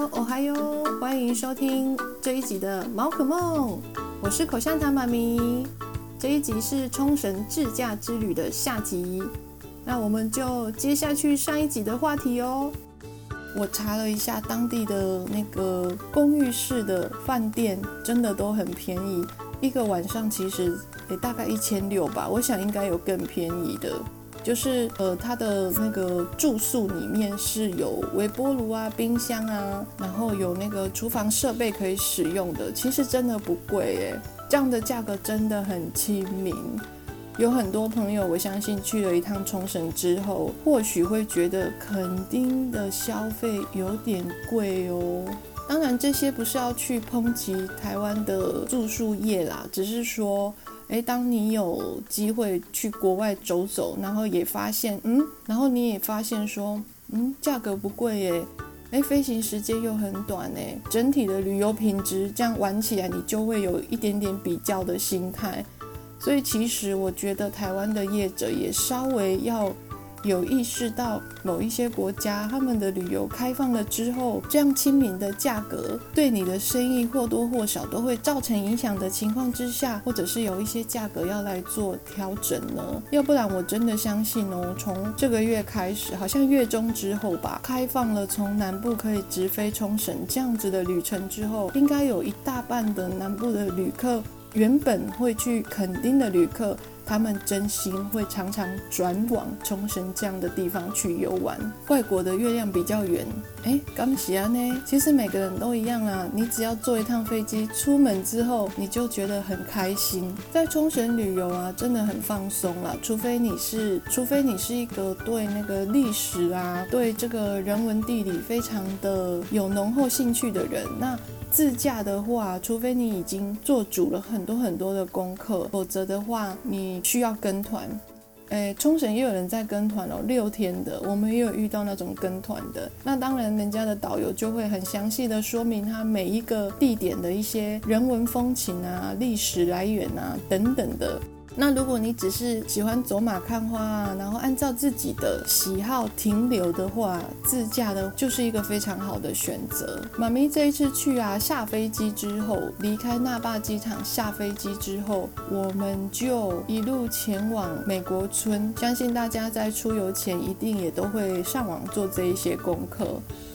哦嗨喲，歡迎收聽這一集的《毛可夢》，我是口香糖媽咪。這一集是沖繩自駕之旅的下集，那我們就接下去上一集的話題哦。我查了一下當地的那個公寓式的飯店，真的都很便宜，一個晚上其實也大概一千六吧。我想應該有更便宜的。就是呃，它的那個住宿裡面是有微波爐啊、冰箱啊，然後有那個廚房設備可以使用的。其實真的不貴誒。這樣的價格真的很親民。有很多朋友，我相信去了一趟沖繩之後，或許會覺得墾丁的消費有點貴哦。當然，這些不是要去抨擊台灣的住宿業啦，只是說。誒、欸，當你有機會去國外走走，然後也發現，嗯，然後你也發現說，嗯，價格不貴誒。哎、欸，飛行時間又很短哎，整體的旅遊品質這樣玩起來，你就會有一點點比較的心態。所以其實我覺得台灣的業者也稍微要。有意識到某一些國家他們的旅遊開放了之後，這樣親民的價格對你的生意或多或少都會造成影響的情況之下，或者是有一些價格要來做調整呢？要不然我真的相信哦，從這個月開始，好像月中之後吧，開放了從南部可以直飛沖繩這樣子的旅程之後，應該有一大半的南部的旅客，原本會去墾丁的旅客。他們真心會常常轉往沖繩這樣的地方去遊玩。外國的月亮比較圓，哎，岡西啊呢？其實每個人都一樣啦，啊。你只要坐一趟飛機出門之後，你就覺得很開心。在沖繩旅遊啊，真的很放鬆啦，除非你是，除非你是一個對那個歷史啊，對這個人文地理非常的有濃厚興趣的人，那。自駕的話，除非你已經做足了很多很多的功課，否則的話，你需要跟團。誒，沖繩也有人在跟團哦，六天的，我們也有遇到那種跟團的。那當然，人家的導遊就會很詳細的說明他每一個地點的一些人文風情啊、歷史來源啊等等的。那如果你只是喜歡走馬看花啊，然後按照自己的喜好停留的話，自駕的就是一個非常好的選擇。媽咪這一次去啊，下飛機之後離開那霸機場，下飛機之後，我們就一路前往美國村。相信大家在出遊前一定也都會上網做這一些功課。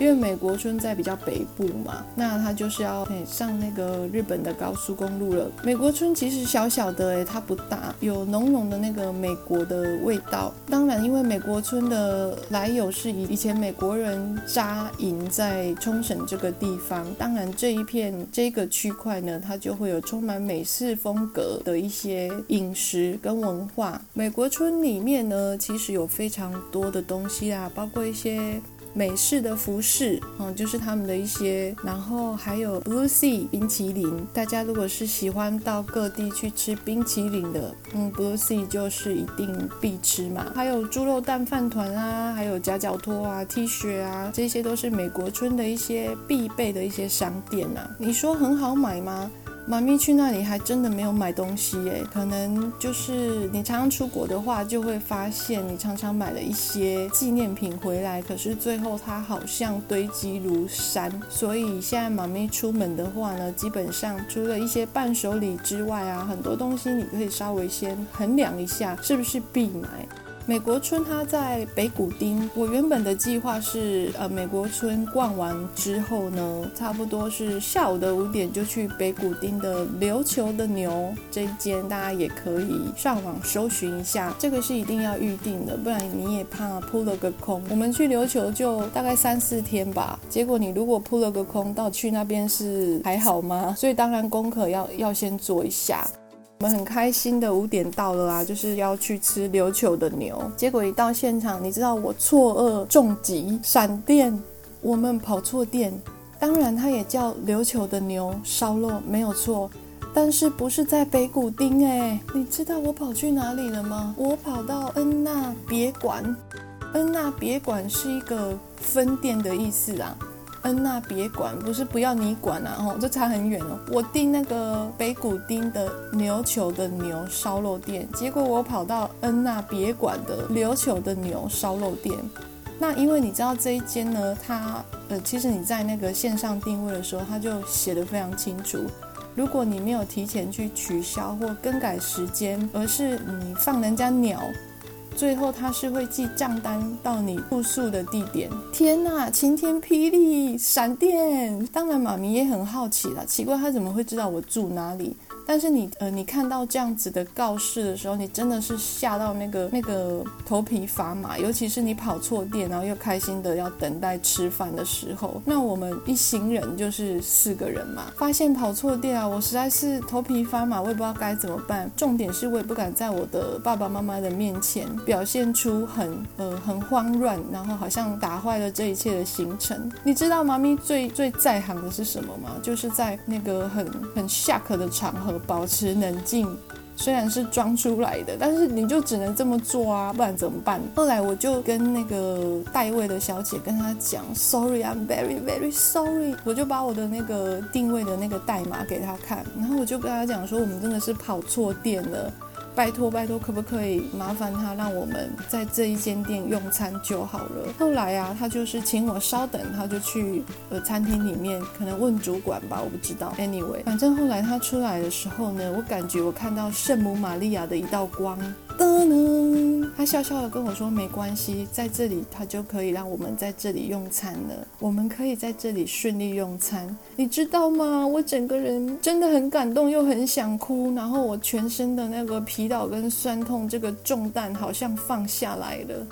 因為美國村在比較北部嘛，那它就是要，欸、上那個日本的高速公路了。美國村其實小小的，欸，誒它不大，有濃濃的那個美國的味道。當然，因為美國村的來由是以以前美國人紮營在沖繩這個地方，當然這一片這個區塊呢，它就會有充滿美式風格的一些飲食跟文化。美國村裡面呢，其實有非常多的東西啊，包括一些。美式的服飾，嗯，就是他們的一些，然後還有 Blue Sea 冰淇淋，大家如果是喜歡到各地去吃冰淇淋的，嗯，Blue Sea 就是一定必吃嘛。還有豬肉蛋飯糰啊，還有夾腳拖啊，T 恤啊，這些都是美國村的一些必備的一些商店吶啊。你說很好買嗎？媽咪去那裡還真的沒有買東西耶，可能就是你常常出國的話，就會發現你常常買了一些紀念品回來，可是最後它好像堆積如山。所以現在媽咪出門的話呢，基本上除了一些伴手禮之外啊，很多東西你可以稍微先衡量一下，是不是必買。美國村它在北谷町。我原本的計劃是，呃，美國村逛完之後呢，差不多是下午的五點就去北谷町的琉球的牛這一間，大家也可以上網搜尋一下，這個是一定要預定的，不然你也怕撲了個空。我們去琉球就大概三四天吧，結果你如果撲了個空，到去那邊是還好嗎？所以當然功課要要先做一下。我們很開心的五點到了啊，就是要去吃琉球的牛。結果一到現場，你知道我錯愕重擊、閃電，我們跑錯店。當然，它也叫琉球的牛燒肉沒有錯，但是不是在北谷町哎。你知道我跑去哪裡了嗎？我跑到恩納別館，恩納別館是一個分店的意思啊。恩納別館不是不要你管啊吼，這差很遠哦。我訂那個北谷町的琉球的牛燒肉店，結果我跑到恩納別館的琉球的牛燒肉店。那因為你知道這一間呢，它，呃，其實你在那個線上定位的時候，它就寫得非常清楚。如果你沒有提前去取消或更改時間，而是你放人家鳥。最後，他是會寄賬單到你住宿的地點。天吶、啊，晴天霹靂，閃電！當然，媽咪也很好奇啦，奇怪他怎麼會知道我住哪裡？但是你呃，你看到這樣子的告示的時候，你真的是嚇到那個那個頭皮發麻。尤其是你跑錯店，然後又開心的要等待吃飯的時候，那我們一行人就是四個人嘛，發現跑錯店啊，我實在是頭皮發麻，我也不知道該怎麼辦。重點是我也不敢在我的爸爸媽媽的面前表現出很呃很慌亂，然後好像打壞了這一切的行程。你知道媽咪最最在行的是什麼嗎？就是在那個很很 shock 的場合。保持冷靜，雖然是裝出來的，但是你就只能這麼做啊，不然怎麼辦？後來我就跟那個帶位的小姐跟她講，Sorry，I'm very very sorry，我就把我的那個訂位的那個代碼給她看，然後我就跟她講說，我們真的是跑錯店了。拜託，拜託，可不可以麻煩他讓我們在這一間店用餐就好了？後來啊，他就是請我稍等，他就去呃餐廳裡面，可能問主管吧，我不知道。Anyway，反正後來他出來的時候呢，我感覺我看到聖母瑪利亞的一道光。噠噠他笑笑的跟我說：“沒關係，在這裡他就可以讓我們在這裡用餐了，我們可以在這裡順利用餐，你知道嗎？”我整個人真的很感動，又很想哭，然後我全身的那個疲勞跟酸痛這個重擔好像放下來了。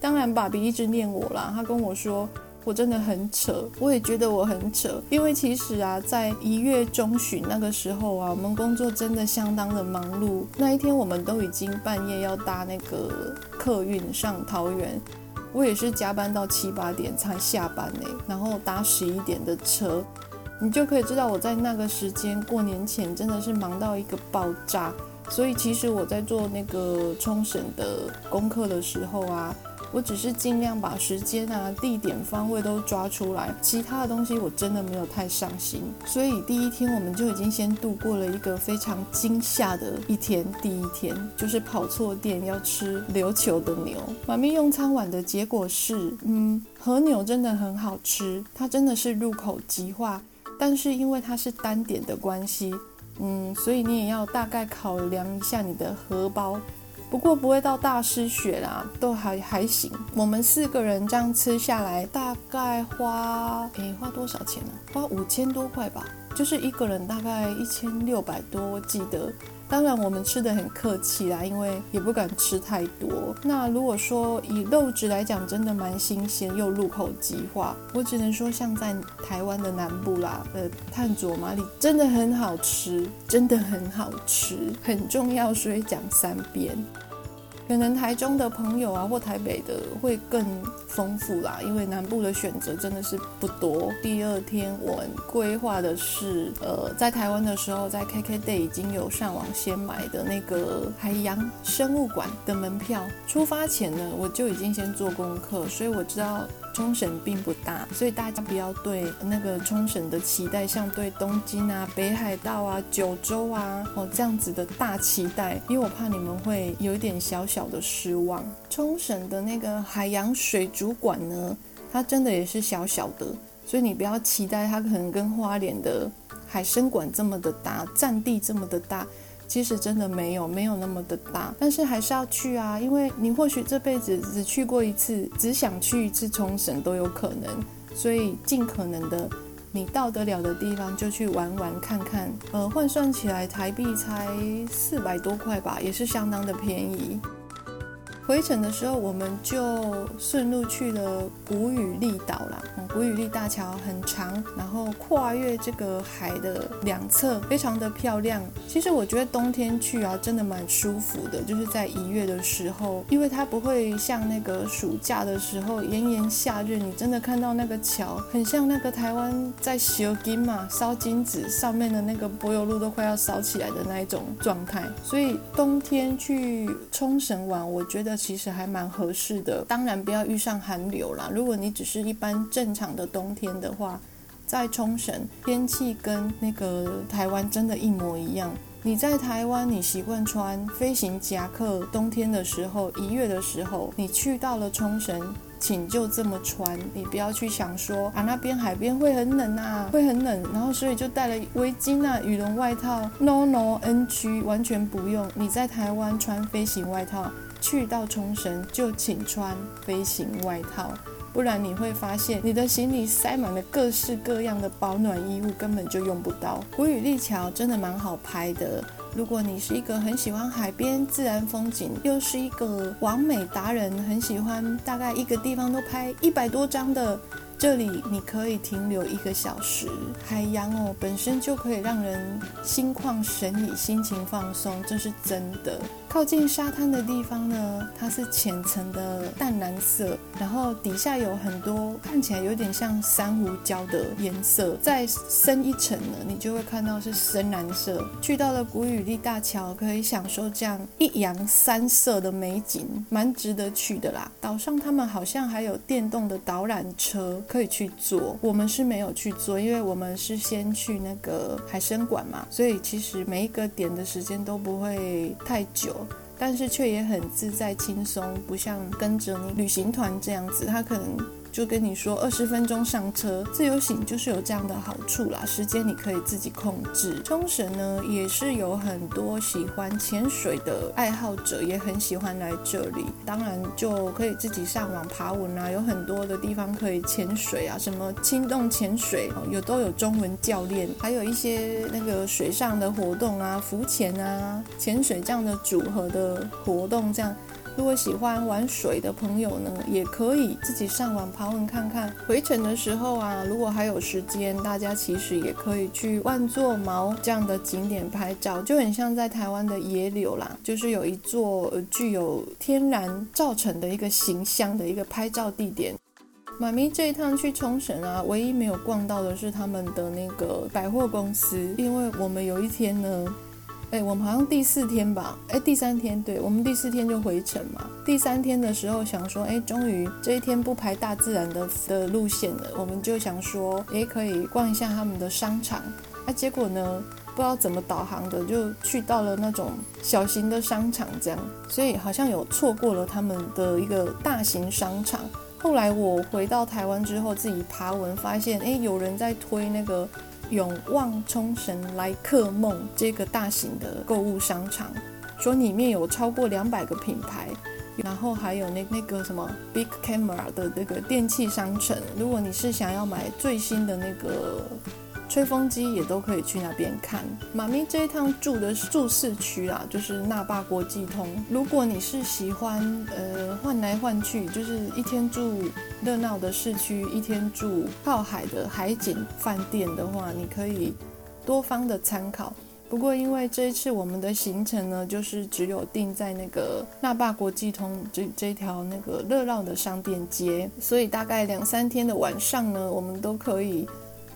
當然，爸爸一直念我啦，他跟我說。我真的很扯，我也覺得我很扯，因為其實啊，在一月中旬那個時候啊，我們工作真的相當的忙碌。那一天我們都已經半夜要搭那個客運上桃園，我也是加班到七八點才下班呢，然後搭十一點的車。你就可以知道我在那個時間過年前真的是忙到一個爆炸。所以其實我在做那個沖繩的功課的時候啊。我只是盡量把時間啊、地點、方位都抓出來，其他的東西我真的沒有太上心。所以第一天我們就已經先度過了一個非常驚嚇的一天。第一天就是跑錯店要吃琉球的牛，媽咪用餐完的結果是，嗯，和牛真的很好吃，它真的是入口即化。但是因為它是單點的關係，嗯，所以你也要大概考量一下你的荷包。不過不會到大失血啦，都還還行。我們四個人這樣吃下來，大概花誒、欸、花多少錢呢、啊？花五千多塊吧，就是一個人大概一千六百多，我記得。當然，我們吃得很客氣啦，因為也不敢吃太多。那如果說以肉質來講，真的蠻新鮮，又入口即化。我只能說，像在台灣的南部啦，呃，炭佐麻里真的很好吃，真的很好吃，很重要，所以講三遍。可能台中的朋友啊，或台北的會更豐富啦，因為南部的選擇真的是不多。第二天我們規劃的是，呃，在台灣的時候，在 KKday 已經有上網先買的那個海洋生物館的門票。出發前呢，我就已經先做功課，所以我知道。沖繩並不大，所以大家不要對那個沖繩的期待像對東京啊、北海道啊、九州啊哦這樣子的大期待，因為我怕你們會有一點小小的失望。沖繩的那個海洋水族館呢，它真的也是小小的，所以你不要期待它可能跟花蓮的海生館這麼的大，佔地這麼的大。其實真的沒有，沒有那麼的大，但是還是要去啊，因為你或許這輩子只去過一次，只想去一次沖繩都有可能，所以盡可能的，你到得了的地方就去玩玩看看，呃，換算起來台幣才四百多塊吧，也是相當的便宜。回程的時候，我們就順路去了古宇利島啦，嗯。古宇利大橋很長，然後跨越這個海的兩側，非常的漂亮。其實我覺得冬天去啊，真的蠻舒服的，就是在一月的時候，因為它不會像那個暑假的時候炎炎夏日，你真的看到那個橋，很像那個台灣在燒金嘛，燒金紙上面的那個柏油路都快要燒起來的那一種狀態。所以冬天去沖繩玩，我覺得。其實還蠻合適的，當然不要遇上寒流啦。如果你只是一般正常的冬天的話，在沖繩天氣跟那個台灣真的一模一樣。你在台灣你習慣穿飛行夾克，冬天的時候一月的時候，你去到了沖繩，請就這麼穿，你不要去想說啊那邊海邊會很冷啊，會很冷，然後所以就帶了圍巾啊、羽絨外套。No No，NG，完全不用。你在台灣穿飛行外套。去到沖繩就請穿飛行外套，不然你會發現你的行李塞滿了各式各樣的保暖衣物，根本就用不到。古宇利橋真的蠻好拍的，如果你是一個很喜歡海邊自然風景，又是一個完美達人，很喜歡大概一個地方都拍一百多張的，這裡你可以停留一個小時。海洋哦本身就可以讓人心曠神怡，心情放鬆，這是真的。靠近沙灘的地方呢，它是淺層的淡藍色，然後底下有很多看起來有點像珊瑚礁的顏色。再深一層呢，你就會看到是深藍色。去到了古宇利大橋，可以享受這樣一洋三色的美景，蠻值得去的啦。島上他們好像還有電動的導覽車可以去坐，我們是沒有去坐，因為我們是先去那個海生館嘛，所以其實每一個點的時間都不會太久。但是卻也很自在輕鬆，不像跟着你旅行團這樣子，他可能。就跟你說，二十分鐘上車，自由行就是有這樣的好處啦，時間你可以自己控制。沖繩呢，也是有很多喜歡潛水的愛好者，也很喜歡來這裡。當然就可以自己上網爬文啊，有很多的地方可以潛水啊，什麼青洞潛水，有都有中文教練，還有一些那個水上的活動啊，浮潛啊，潛水這樣的組合的活動這樣。如果喜歡玩水的朋友呢，也可以自己上網爬文看看。回程的時候啊，如果還有時間，大家其實也可以去萬座毛這樣的景點拍照，就很像在台灣的野柳啦，就是有一座具有天然造成的一個形象的一個拍照地點。媽咪這一趟去冲繩啊，唯一沒有逛到的是他們的那個百貨公司，因為我們有一天呢。哎、欸，我們好像第四天吧？哎、欸，第三天，對，我們第四天就回程嘛。第三天的時候想說，哎、欸，終於這一天不排大自然的的路線了，我們就想說，哎、欸，可以逛一下他們的商場。那、啊、結果呢，不知道怎麼導航的，就去到了那種小型的商場這樣，所以好像有錯過了他們的一個大型商場。後來我回到台灣之後自己爬文發現，哎、欸，有人在推那個。永旺沖繩來客夢這個大型的購物商場，說裡面有超過兩百個品牌，然後還有那那個什麼 Big Camera 的那個電器商城。如果你是想要買最新的那個。吹風機也都可以去那邊看。媽咪這一趟住的是住市區啊，就是那霸國際通。如果你是喜歡呃換來換去，就是一天住熱鬧的市區，一天住靠海的海景飯店的話，你可以多方的參考。不過因為這一次我們的行程呢，就是只有定在那個那霸國際通這這條那個熱鬧的商店街，所以大概兩三天的晚上呢，我們都可以。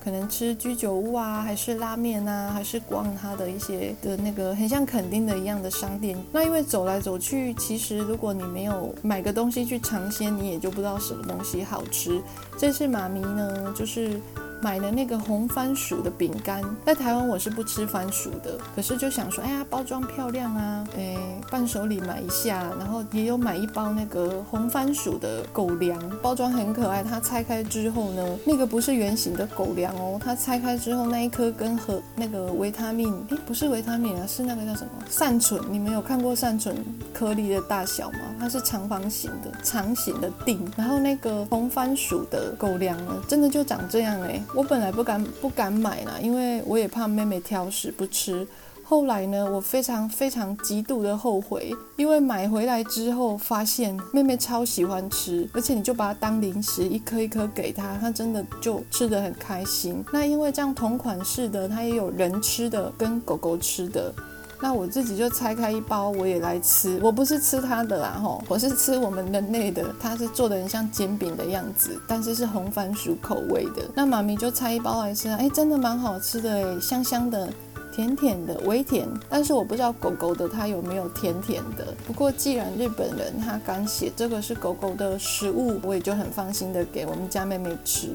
可能吃居酒屋啊，還是拉麵啊，還是逛它的一些的那個很像墾丁的一樣的商店。那因為走來走去，其實如果你沒有買個東西去嘗鮮，你也就不知道什麼東西好吃。這次媽咪呢，就是。買了那個紅番薯的餅乾，在台灣我是不吃番薯的，可是就想說，哎呀，包裝漂亮啊，哎，伴手禮買一下，然後也有買一包那個紅番薯的狗糧，包裝很可愛。它拆開之後呢，那個不是圓形的狗糧哦，它拆開之後那一顆跟和那個維他命、哎，不是維他命啊，是那個叫什麼？善存，你們有看過善存顆粒的大小嗎？它是長方形的，長形的錠，然後那個紅番薯的狗糧呢，真的就長這樣哎、欸。我本來不敢不敢買啦，因為我也怕妹妹挑食不吃。後來呢，我非常非常極度的後悔，因為買回來之後發現妹妹超喜歡吃，而且你就把它當零食一顆一顆給她，她真的就吃得很開心。那因為這樣同款式的，它也有人吃的跟狗狗吃的。那我自己就拆開一包，我也來吃。我不是吃它的啦，吼，我是吃我們人類的。它是做的很像煎餅的樣子，但是是紅番薯口味的。那媽咪就拆一包來吃，哎，真的蠻好吃的，哎，香香的，甜甜的，微甜。但是我不知道狗狗的它有沒有甜甜的。不過既然日本人他敢寫這個是狗狗的食物，我也就很放心的給我們家妹妹吃。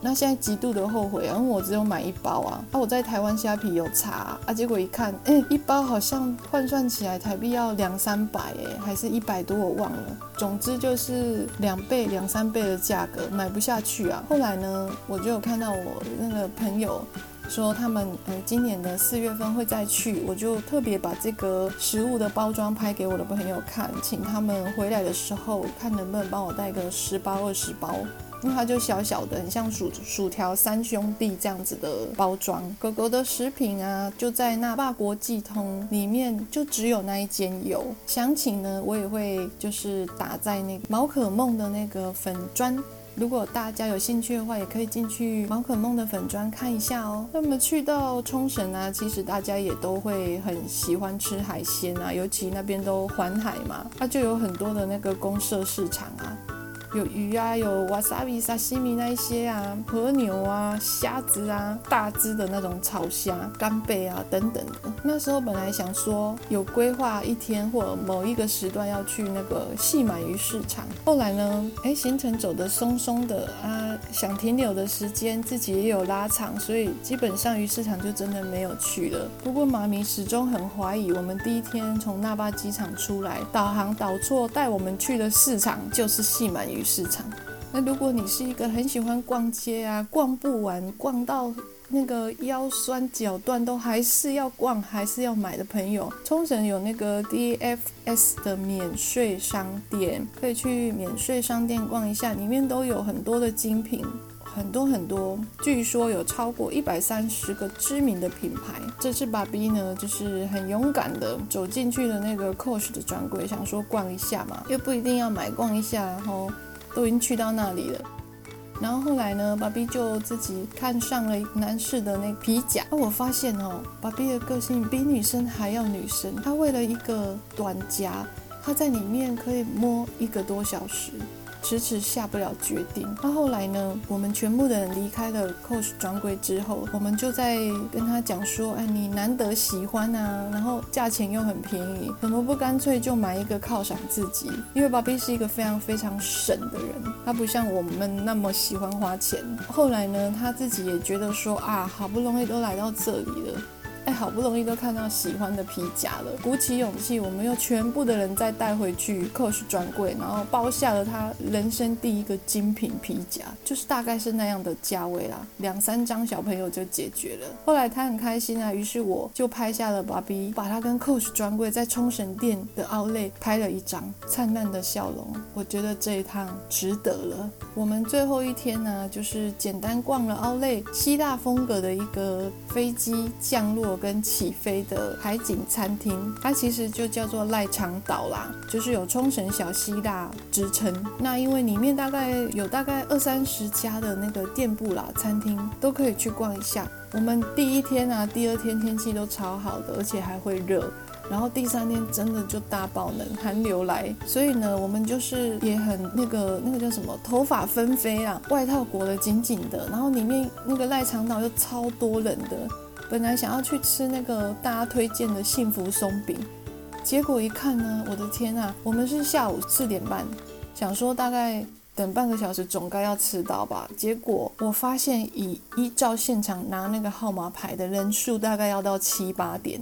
那現在極度的後悔，啊，因為我只有買一包啊，啊我在台灣蝦皮有查啊，啊結果一看，哎、欸、一包好像換算起來台幣要兩三百耶，哎還是一百多我忘了，總之就是兩倍兩三倍的價格買不下去啊。後來呢，我就有看到我那個朋友說他們嗯今年的四月份會再去，我就特別把這個食物的包裝拍給我的朋友看，請他們回來的時候看能不能幫我帶個十包二十包。那它就小小的，很像薯薯條三兄弟這樣子的包裝。狗狗的食品啊，就在那霸國際通裡面，就只有那一間有。詳情呢，我也會就是打在那個毛可夢的那個粉專。如果大家有興趣的話，也可以進去毛可夢的粉專看一下哦。那麼去到沖繩啊，其實大家也都會很喜歡吃海鮮啊，尤其那邊都環海嘛，它、啊、就有很多的那個公設市場啊。有魚啊，有瓦薩比薩西米那一些啊，和牛啊，蝦子啊，大隻的那種草蝦、干貝啊等等的。那時候本來想說有規劃一天或者某一個時段要去那個細滿魚市場，後來呢，哎、欸，行程走得鬆鬆的啊，想停留的時間自己也有拉長，所以基本上魚市場就真的沒有去了。不過媽咪始終很懷疑，我們第一天從那霸機場出來，導航導錯帶我們去的市場就是細滿魚市場。那如果你是一個很喜歡逛街啊，逛不完，逛到那個腰酸腳斷都還是要逛，還是要買的朋友，沖繩有那個 DFS 的免稅商店，可以去免稅商店逛一下，裡面都有很多的精品，很多很多，據說有超過一百三十個知名的品牌。這次爸比呢，就是很勇敢的走進去的那個 Coach 的專櫃，想說逛一下嘛，又不一定要買，逛一下，然後。都已經去到那裡了，然後後來呢？爸比就自己看上了男士的那皮夾。我發現哦，爸比的個性比女生還要女生。她為了一個短夾，她在裡面可以摸一個多小時。遲遲下不了決定。那、啊、後來呢，我們全部的人離開了 Coach 專櫃之後，我們就在跟他講說：“哎，你難得喜歡啊，然後價錢又很便宜，怎麼不乾脆就買一個犒賞自己？因為 Bobby 是一個非常非常省的人，他不像我們那麼喜歡花錢。後來呢，他自己也覺得說：啊，好不容易都來到這裡了。”哎，好不容易都看到喜歡的皮夾了，鼓起勇氣，我們又全部的人再帶回去 Coach 專櫃，然後包下了他人生第一個精品皮夾，就是大概是那樣的價位啦，兩三張小朋友就解決了。後來他很開心啊，於是我就拍下了芭比，把他跟 Coach 專櫃在沖繩店的奧萊拍了一張燦爛的笑容。我覺得這一趟值得了。我們最後一天呢，啊，就是簡單逛了奧萊，希臘風格的一個飛機降落。跟起飛的海景餐廳，它其實就叫做瀨長島啦，就是有沖繩小希臘之稱。那因為裡面大概有大概二三十家的那個店鋪啦，餐廳都可以去逛一下。我們第一天啊，第二天天氣都超好的，而且還會熱，然後第三天真的就大爆冷寒流來，所以呢，我們就是也很那個那個叫什麼頭髮紛飛啊，外套裹得緊緊的，然後裡面那個瀨長島又超多冷的。本來想要去吃那個大家推薦的幸福鬆餅，結果一看呢，我的天啊，我們是下午四點半，想說大概等半個小時總該要吃到吧。結果我發現以依照現場拿那個號碼牌的人數，大概要到七八點。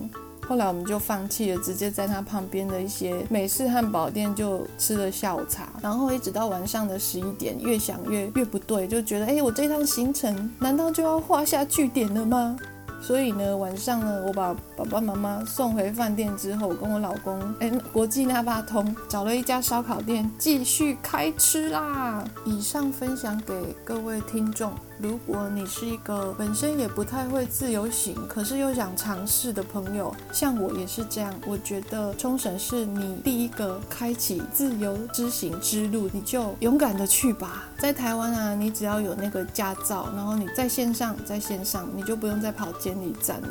後來我們就放棄了，直接在他旁邊的一些美式漢堡店就吃了下午茶。然後一直到晚上的十一點，越想越越不對，就覺得哎、欸，我這趟行程難道就要畫下句點了嗎？所以呢，晚上呢，我把爸爸媽媽送回飯店之後，我跟我老公，哎、欸，國際那霸通找了一家燒烤店，繼續開吃啦。以上分享給各位聽眾。如果你是一個本身也不太會自由行，可是又想嘗試的朋友，像我也是這樣。我覺得沖繩是你第一個開啟自由之行之路，你就勇敢的去吧。在台灣啊，你只要有那個駕照，然後你在線上，在線上你就不用再跑監理站了，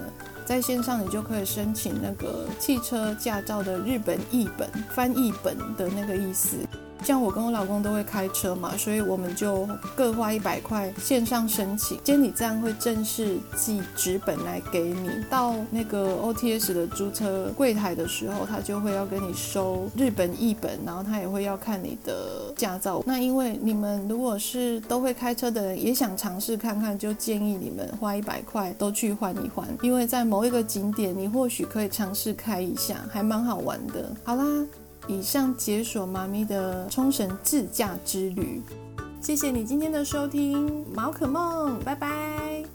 在線上你就可以申請那個汽車駕照的日本譯本，翻譯本的那個意思。像我跟我老公都會開車嘛，所以我們就各花一百塊線上申請，監理站會正式寄紙本來給你。到那個 OTS 的租車櫃台的時候，他就會要跟你收日本譯本，然後他也會要看你的駕照。那因為你們如果是都會開車的人，也想嘗試看看，就建議你們花一百塊都去換一換，因為在某一個景點，你或許可以嘗試開一下，還蠻好玩的。好啦。以上解說媽咪的沖繩自駕之旅。謝謝你今天的收聽，毛可夢，拜拜。